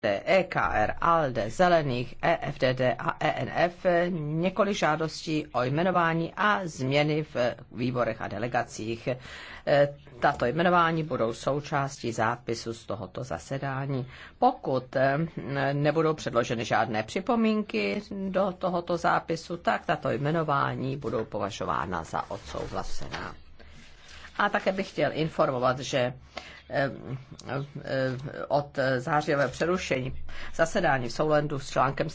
EKR, ALDE, Zelených, EFDD a ENF několik žádostí o jmenování a změny v výborech a delegacích. E, tato jmenování budou součástí zápisu z tohoto zasedání. Pokud e, nebudou předloženy žádné připomínky do tohoto zápisu, tak tato jmenování budou považována za odsouhlasená. A také bych chtěl informovat, že eh, eh, eh, od zářijového přerušení zasedání v Soulandu s článkem